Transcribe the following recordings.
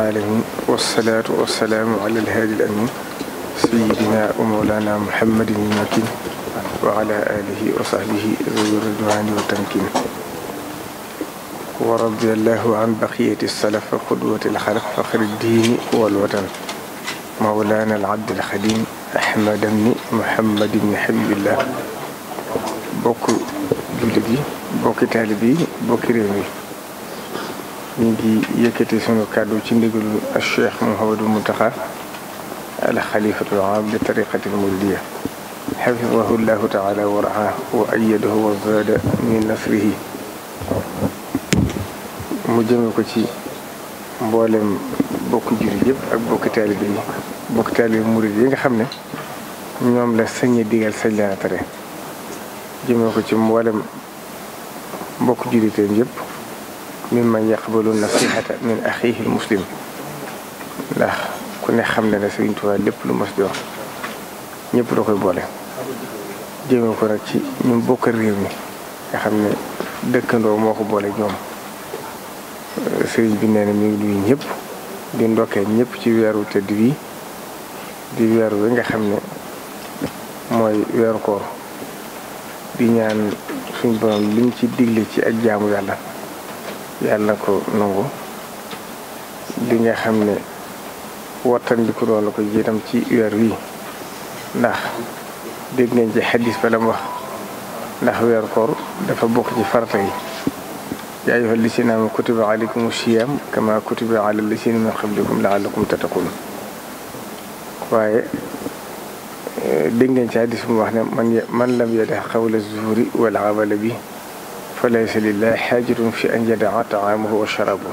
maaleykum wasalaatu wasalaamu ala alhaadi al amin sayidina wa mawlana muhammadin makin wa ala alihi wa sahbihi zawi ridwani wa tamkin wa radiallahu an baqiyati salaf wa qudwati alxalaf faxri diini walwatan mawlana alabd alxadim ahmadabni muhammadibni habibillah bokk jullit yi bokki taalib yi bokki réew mi ñu ngi yëkkati sunu kàddu ci ndigalu Cheikh Mouhamadou Mountakha al xalifatul aam li tariqatil muridiya xafidahu llahu taala wa raxaa wa wa zaada min nasrihi mu jëme ko ci mboolem bokk jullit yëpp ak bokki taalibe yi bokki yi nga xam ne ñoom la sañe digal sañ leen a tere jëme ko ci mboolem bokki julliteen yëpp ma mimman yaqbalu nasihata min axiihi muslim ndax ku ne xam ne ne Sëriñ Tuubaa lépp lu mos di wax ñëpp koy boole jëmee ko nag ci ñu bokk réew mi nga xam ne dëkkandoo moo ko boole ñoom sëriñ bi nee na mi ngi ñëpp di ndokkee ñëpp ci weeru tëdd wi di weer wi nga xam ne mooy weeru koor di ñaan suñ borom liñ ci digle ci ak jaamu yàlla yàlla na ko nangu li nga xam ne wattandiku loolu ko jiitam ci weer wi ndax dégg ngeen ci xadis ba la mu wax ndax weer koor dafa bokk ci farata yi yaa ayyuha lisina ma kutiba alaykum siyam kama kutiba ala lisina min qablikum waaye eh, dégg ngeen ci xadis bu mu wax ne man man lam yada xawla zuhuri wal amala bi falaysa lillahi xaajatun fi an yadaa taamahu wa sharabu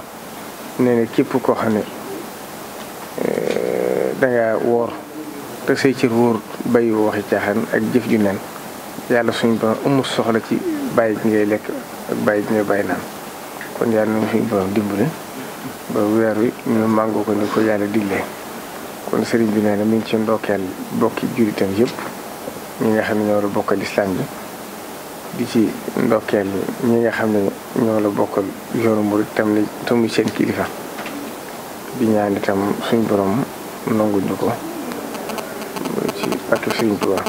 nee képp koo xam ne eh, danga woor te say cër wóor bàyyi waxi caaxaan ak jëf ju neen yàlla suñ borom amul soxla ci bàyyi ji ngay lekk ak bàyyi ji ngay bàyyi naan kon yàlla nañu suñ borom dimbali ba weer wi ñu màngoo ko ni ko yàlla diglee kon sëriñ bi nee na mi ngi ci ndokkeel bokki jullitam yëpp ñi nga xam ne ñoo war bokk bokkal islam bi di ci ndokkeel ñi nga xam ne ñoo la bokkal yoonu murid tam ni tamuy seen kilifa di ñaan itam suñ borom nanguñu ko ci pàttu Sëriñ Tuubaa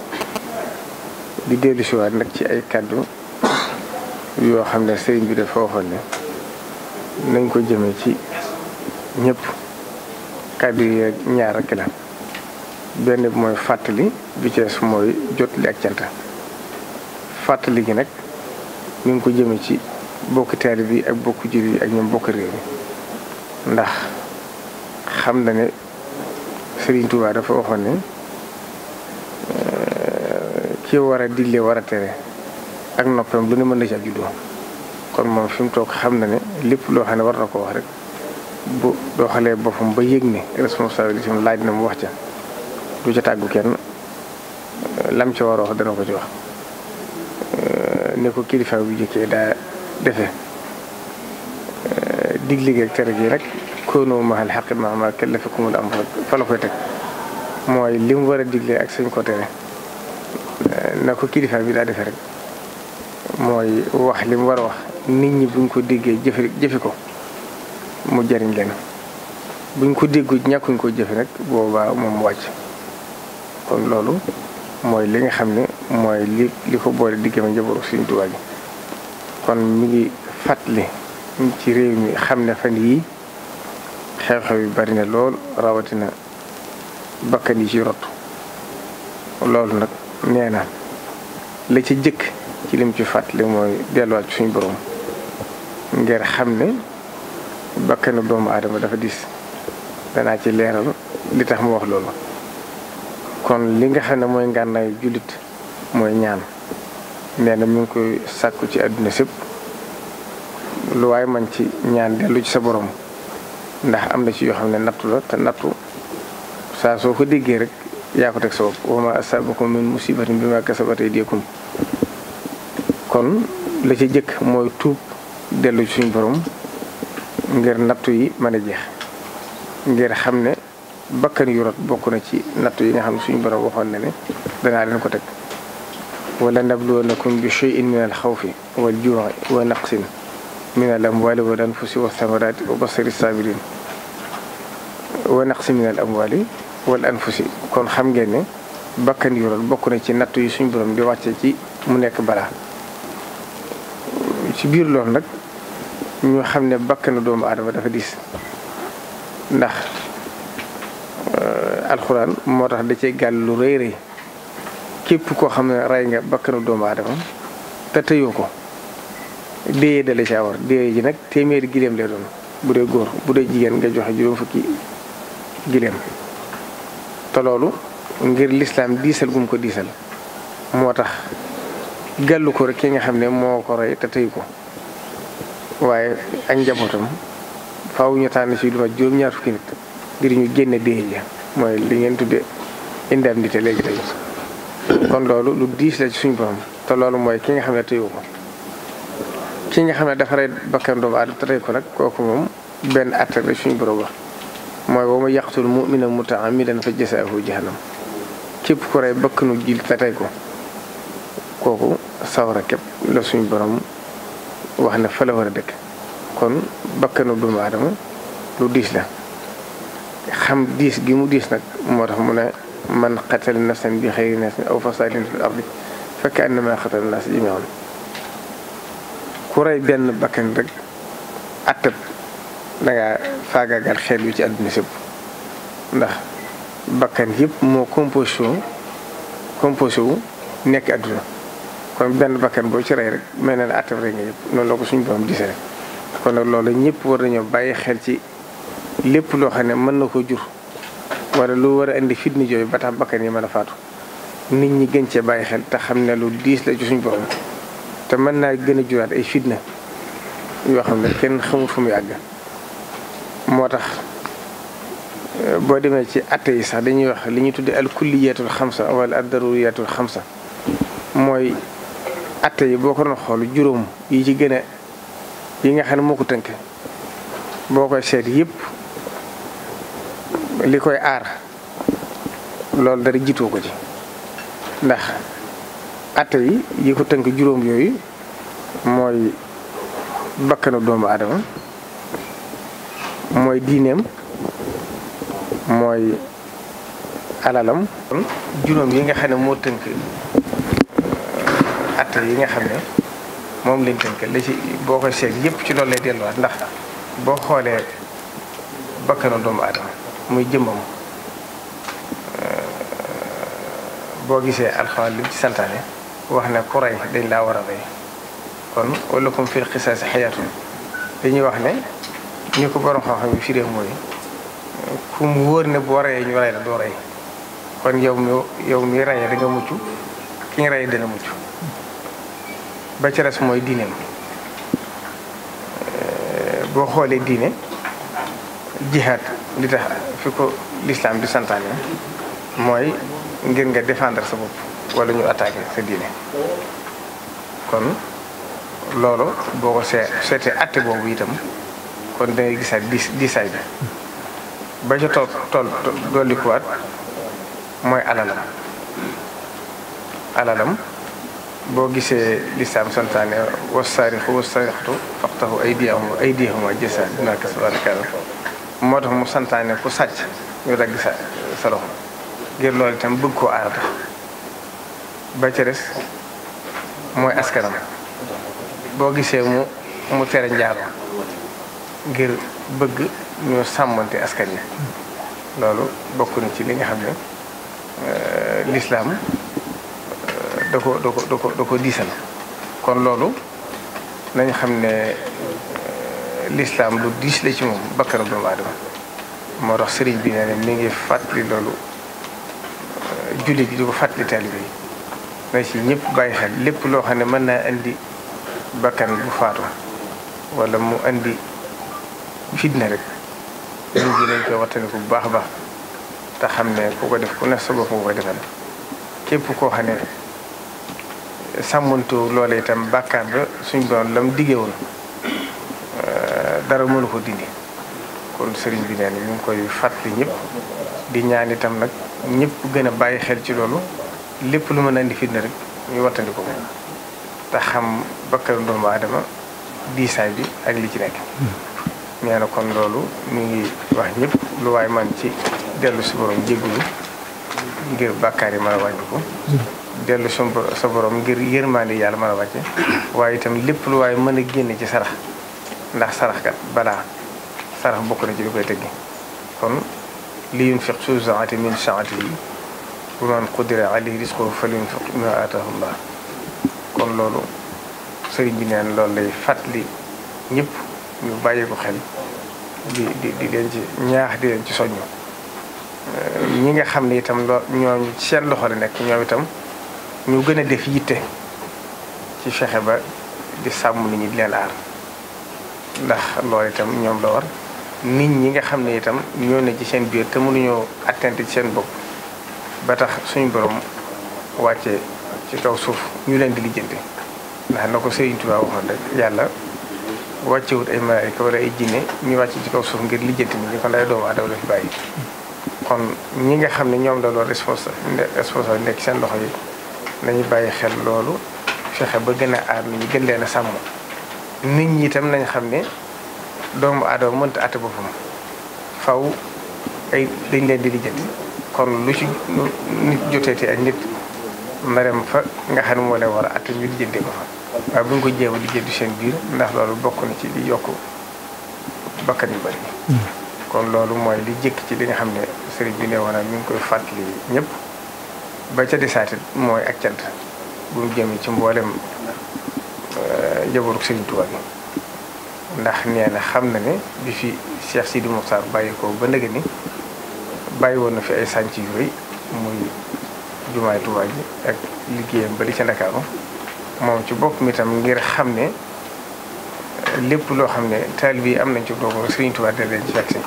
di dellu si nag ci ay kàddu yoo xam ne sëriñ bi dafa waxoon ne nañ ko jëmee ci ñëpp kàddu yi ñaar ak la benn bi mooy fàttali bi ci mooy jotali ak cant fàttali gi nag ñu ngi ko jëme ci bokki taali bi ak bokki jur yi ak ñoom bokk réew mi ndax xam na ne Serigne Touba dafa waxoon ne euh, ki war a digle war a tere ak noppam lu ne mën na ci ab juddoo kon moom fi mu toog xam na ne lépp loo xam ne war na ko wax rek bu doxalee boppam ba yëg ne responsabilité laaj na mu wax ca du ca tàggu kenn lam ca war a dana ko ci wax ne ko kilifa bu jëkkee daa defe eh, digle gi ak tere gi rek koonoo ma xel ma ma kenn la fi ku mu am koy teg mooy li mu war a digle ak suñ ko tere eh, na ko kilifa bi daa defee rek mooy wax li war a wax nit ñi buñ ko diggee jëfe jëfe ko mu jariñ leen buñ ko déggu ñàkkuñ ko jëfe rek boobaa moom wàcc kon loolu mooy li nga xam ne mooy li li ko boole diggam ak njaboot Sëriñ Tuubaa gi kon mu ngi fàttali ci réew mi xam ne fan yii xew-xew yu bari na lool rawatina bakkan yi ci rot loolu nag nee na la ci jëkk ci lim ci fàttali mooy delluwaat ci suñu borom ngir xam ne bakkanu doomu aadama dafa dis danaa ci leeral li tax mu wax loolu kon li nga xam ne mooy ngànnaay jullit mooy ñaan nee na mu ngi koy sàkku ci àdduna sépp lu waaye man ci ñaan dellu ci sa borom ndax am na ci yoo xam ne nattu la te nattu saa soo ko déggee rek yaa ko teg sa bopp wa ma asabakum min musibatin bi ma kasabat aydikum kon la ci jëkk mooy tuub dellu ci suñu borom ngir nattu yi mën a jeex ngir xam ne bakkan yu bokk na ci nattu yi nga xam ne suñu borom waxoon na ne danaa leen ko teg wala nabluwannakum bi shay'in min al xawfi wal juu'i wa naqsin min al amwali wal anfusi wa thamarati wa basiri sabirin wa naqsin min al amwali kon xam ngeen ne bakkan yu rot bokk na ci nattu yi suñ borom di wàcce ci mu nekk balaa ci biir lool nag ñu xam ne bakkanu doomu aadama dafa diis ndax alxuraan moo tax da cee gàll lu rëy képp koo xam ne rey nga bakkanu doomu aadama te tëyoo ko déyee dale caa war déyee ji nag téeméeri gileem lay doon bu dee góor bu dee jigéen nga joxe juróom fukki gileem te loolu ngir lislaam diisal gum ko diisal moo tax gàllu ko rek ki nga xam ne moo ko rey ko waaye ak njabootam faaw tànn ci lu ma nit ngir ñu génn déyee ja mooy li ngeen tuddee indemnité léegi tey kon loolu lu diis la ci suñ borom te loolu mooy ki nga xam ne téyu ko ki nga xam ne dafa rey bakkan doomu ko nag kooku moom benn at rek suñ borom wax mooy wa man yaqtul mu'mina muta'ammidan fa jazaa'uhu jahannam képp ku rey bakkanu jil te ko kooku sawara képp la suñ borom wax ne fa la dëkk kon bakkanu doomu aadama lu diis la xam diis gi mu diis nag moo tax mu ne man xatal nafsan bi xëyri nafsin aw fasadin fil ardi fa kaannama xatal naas jamiian ku rey benn bakkan rek attab da ngaa faagaagal xel wi ci àdduna sépp ndax bakkan yëpp moo composé composé wu nekk àdduna kon benn bakkan boo ci rey rek mel na ne attab rey nga yëpp noonu loolu ñëpp war nañoo bàyyi xel ci. lépp loo xam ne mën na ko jur wala lu war a indi fitni jooyu ba tax bakkan yi mën a faatu nit ñi gën cee bàyyi xel te xam ne lu diis la ci suñ borom te mën naa gën a juraat ay fitna yoo xam ne kenn xamul fu muy àgg moo tax euh, boo demee ci atte yi sax dañuy wax li ñuy tuddee al kulliyatul xamsa wala ad xam sa mooy atte yi boo ko doon xool juróom yi ci gën a yi nga xam ne moo ko tënk boo koy seet yëpp li koy aar loolu dara jiitoo ko ci ndax atte yi yi ko tënk juróom yooyu mooy bakkanu doomu aadama mooy diineem mooy alalam juróom yi nga xam ne moo tënk euh, atte yi nga xam ne moom lañ tënk la ci boo koy seet yëpp ci loolu lay delluwaat ndax boo xoolee bakkanu doomu aadama muy jëmmam boo gisee alxames li ci santaane wax ne ku rey dañ laa war a rey kon wala kum fil xisaasi xayaatu dañuy wax ne ñu ko borom xam-xam yi firee mooy ku mu wóor ne boo reyee ñu rey la doo rey kon yow mi yow mi reyee da nga mucc ki ba ci res mooy diineem boo xoolee diine. jihaad li tax fi ko lislaam di santaane mooy ngir nga défendre sa bopp wala ñu attaqué sa diine kon loolu boo ko see seetee atte boobu itam kon da ngay gisaat diisaay bi ba ca tool tool dollikuwaat mooy alalam alalam boo gisee lislaam santaane wasaarixu wasaarixtu faqtahu aydiyahuma aydiyahuma jasa dinaa kas moo tax mu santaane ku sàcc ñu dagg sa sa loxo ngir loolu itam bëgg koo aar ba ca mooy askanam boo gisee mu mu tere njaalo ngir bëgg ñu sàmmante askan yi loolu bokk na ci li nga xam ne euh, lislaam euh, da ko da ko da ko diisal kon loolu nañ xam ne lislaam lu diis la ci moom bakkara doomu aadama moo tax sëriñ bi nee na mi ngi fàttali loolu euh, julli bi di ko fàttali taalibe yi na ci ñëpp bàyyi xel lépp loo xam ne mën naa indi bakkan bu faatu wala mu indi fitna rek ñu ngi leen koy waxtaanee bu baax a baax te xam ne ku ko def ku ne sa bopp nga ko defal képp koo xam ne sàmmantu loolee itam bàkkaar ba suñ doon lam diggee woon dara mënu ko dindi kon sëriñ bi nee ñu ngi koy fàttali ñëpp di ñaan itam nag ñëpp gën a bàyyi xel ci loolu lépp lu mën a indi fitna rek ñu wattandi ko te xam bakkaru doomu aadama diisaay bi ak li ci nekk nee na kon loolu mu ngi wax ñëpp lu waaye man ci dellu si borom jéggulu ngir bàkkaar yi mën a wàññi ko dellu sa borom ngir yërmaande yàlla mën a wàcce waaye itam lépp lu waay mën a génne ci sarax ndax saraxkat balaa sarax bokk na ci li koy tëggi kon li yunfiq su saati min saatihi wa man qudira alayhi rizquhu falyunfiq mimma aataahu Allah kon loolu sëriñ bi neen loolu lay fàttali ñëpp ñu bàyyi ko xel di di di ci ñaax di leen soññu ñi nga xam ne itam loo ñooñu seen loxo la nekk ñoo itam ñu gën a def yitte ci fexe ba di sàmm nit ñi di leen aar ndax loolu itam ñoom la war nit ñi nga xam ne itam ñoo ne ci seen biir te mënuñoo attente ci seen bopp ba tax suñu boroom wàccee ci kaw suuf ñu leen di lijjanti ndax na ko Sëriñ Tuubaa waxoon rek yàlla wàccewut ay malaayika wala ay jinne ñu wàcc ci kaw suuf ngir lijjanti nit ñi kon day doomu aadama la fi bàyyi kon ñi nga xam ne ñoom la loolu responsable nekk seen loxo yi nañu bàyyi xel loolu fexe ba gën a aar ñu gën leen a sàmm nit ñi tam nañ xam ne doomu aadama mënta àtte boppam faw ay dañ leen di lijjanti kon lu ci nit joteeti ak nit narem fa nga xam ne moo leen war a àtte ñu lijjanti ko fa waaye bu ñu ko jéem a lijjanti seen biir ndax loolu bokk na ci di yokk bakkan yu bari hmm. kon loolu mooy di jëkk ci li nga xam ne sëriñ bi ne woon mi ngi koy fàttali ñépp ba ca desaatit mooy ak cant bu mu jëmee ci mbooleem njabootu ko Serigne bi ndax nee na xam na ne bi fi Cheikh Sidi Mokhtar bàyyi ko ba ndege ni bàyyi woon na fi ay sànc yu rëy muy jumaay Touba ji ak liggéeyam ba di ca Ndakaaru moom ci bopp mi tam ngir xam ne lépp loo xam ne taalibe yi am nañ ci doog Serigne Touba da leen ci fekk si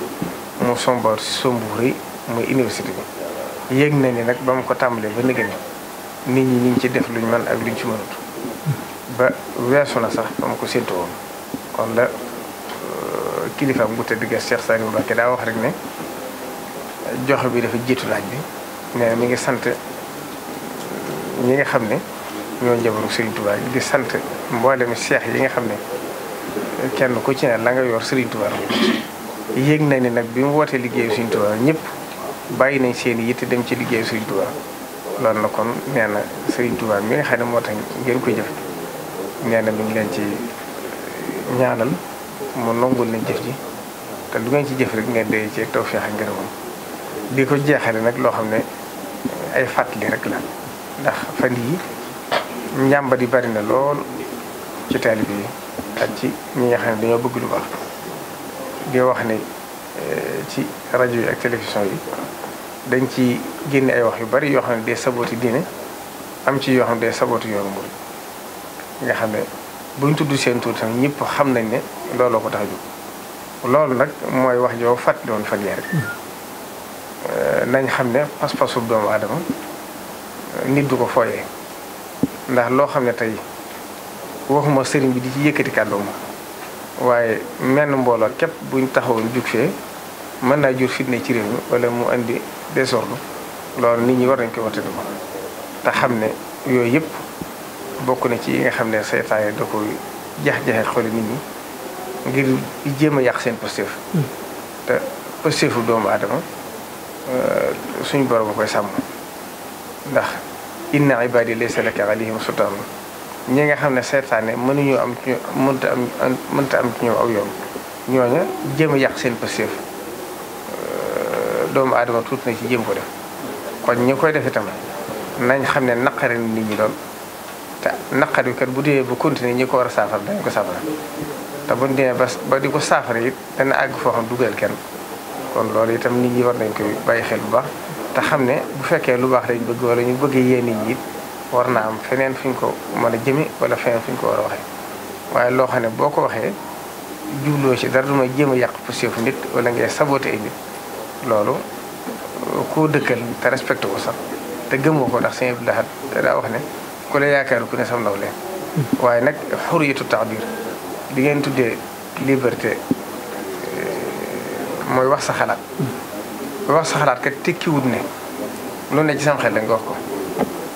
mu somboor sombu rëy muy université yëg na ni nag ba mu ko tàmbalee ba ndege ni nit ñi ñu ngi ci def luñ mën ak luñ ci mënut. ba weesu na sax dama ko séntu woon kon la euh, kilifaam bu sa Cheikh Saliou ki daa wax rek ne joxe bi dafa jiitu laaj bi nee mi ngi sant euh, ñi nga xam ne ñoo njabaru Serigne Touba di sant mboolem seex yi nga xam ne kenn ku ci ne la nga yor Serigne yéeg nañ ni nag bi mu wootee liggéeyu Serigne Touba ñëpp bàyyi nañ seen i dem ci liggéeyu Serigne na kon nee na Serigne mi nga xam ne moo tax ngeen koy jëf. nee na mi leen ci ñaanal mu nangul nañ jëf ji te lu ngeen ci jëf rek ngeen dee ci tawfeex ak ngërëmam di ko jeexale nag loo xam ne ay fàttali rek la ndax fan yi njàmbat yi bari na lool ci taalibe yi ak ci ñi xam ne dañoo bëgg lu baax di wax ne eh, ci rajo yi ak télévision yi dañ ci génne ay wax yu bari yoo xam ne day sabooti diine am ci yoo xam ne day sabooti yoonu murid nga xam ne buñ tudd seen tuuti tam xam nañ ne looloo ko tax a loolu nag mooy wax joo fàttali woon fan yee rek hmm. euh, nañ xam ne pas-pasu doomu aadama nit du ko fooyee ndax loo xam ne tey waxuma sëriñ bi di ci yëkkati kàddoom waaye menn mbooloo képp buñ taxawoon jug fee mën naa jur fitne ci réew mi wala mu indi désordre loolu nit ñi war nañ koy wattandiku te xam ne yooyu yëpp bokk na ci yi nga xam ne seytaane da koy jax-jaxee xooli nit ñi ngir jéem a yàq seen pëstéef hmm. te pëstéefu doomu aadama euh, suñu borom koy sàmm ndax inna ibadi laysa laka alayhim sultaan ñi nga xam ne seytaane mënuñu am ci mënta am mënta am ci ñoom aw yoon ñooña jéem a yàq seen pëstéef euh, doomu adama tuuti na ci jéem ko def kon ñu koy def itam nañ xam ne naqari nit ñi doon te naqari kat bu dee bu continuer ñi ko war a saafara dañ ko saafara te buñ demee ba ba di ko saafara it dana àgg foo xam dugal kenn kon loolu itam nit ñi war nañ koy bàyyi xel bu baax te xam ne bu fekkee lu baax lañ bëgg wala bëgg yéen nit ñi it war am feneen fi ñu ko mën a jëme wala feneen fi ñu ko war a waxee waaye loo xam ne boo ko waxee jubloo ci dara du may jéem a yàq positif nit wala ngay saboté ay nit loolu koo dëkkal te respecté ko sax te gëmoo ko ndax sëñ Abdou Lahad daa wax ne ku la yaakaar ku ne sam nawle waaye nag xuriyatu taabir bi ngeen tuddee liberté euh, mooy wax sa xalaat wax sa xalaat kat tekkiwut ne lu ne ci sam xel la wax ko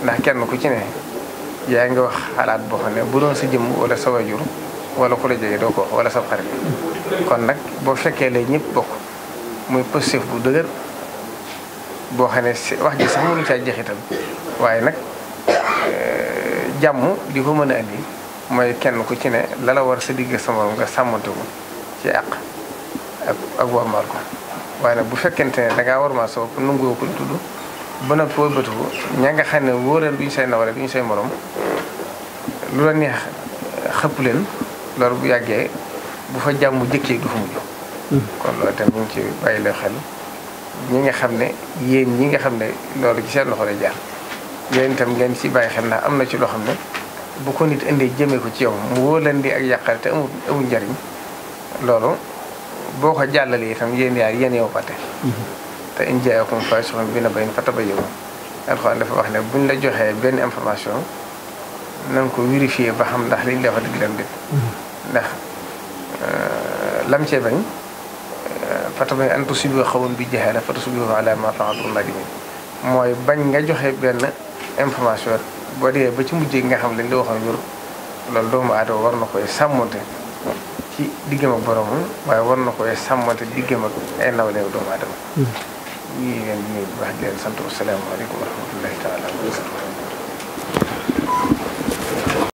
ndax kenn ku ci ne yaa ngi wax xalaat boo xam ne bu doon sa jëm wala sa wajur wala ku la jege doo ko wax wala sa xarit kon nag boo fekkee lay ñëpp bokk muy positif bu dëgër boo xam ne wax ji sax mënu caa jeexital waaye nag jàmm li ko mën a indi mooy kenn ku ci ne lala war sa digg sa morom nga sàmmante ko ci àq ak ak warmaal ko waaye nag bu fekkente ne da ngaa warmaal sa bopp nungoo ko tudd ba xam ne wóoral duñ say nawle duñ say morom lu la neex xëpp leen loolu bu yàggee bu jàmm jëkkee du fa mujj. Hmm. kon loolu itam ñu ngi bàyyi la xel ñi nga xam ne yéen ñi nga xam ne loolu ci seen loxo lay jaar. yéen itam ngeen ci bàyyi xel ndax am na ci loo xam ne bu ko nit indee jëmee ko ci yow mu wóolandi ak yàqare te amul amul njariñ loolu boo ko jàllalee itam yéen yaar yéen yow ba mm-hmm. te in jaayakum faasiqun bi naba'in fatabayyanu alxuraan dafa wax ne buñ la joxee benn information na nga ko vérifier ba xam ndax liñ la wax dëgg la déet mm-hmm. ndax euh, lam cee bañ euh, fatabayyanu an tusiibu qawman bi jahaalatin fa tusbihu alaa maa fa'altum naadimin mooy bañ nga joxe benn. information boo dee ba ci mujj nga xam lañ la waxoon ñor loolu doomu aadama war na koy sàmmante ci diggam ak boromam waaye war na koy sàmmante diggam ak ay nawleewu doomu aadama. Hmm. ñu ngi leen di nuyu leen sant asalaamaaleykum wa rahmatullahi taala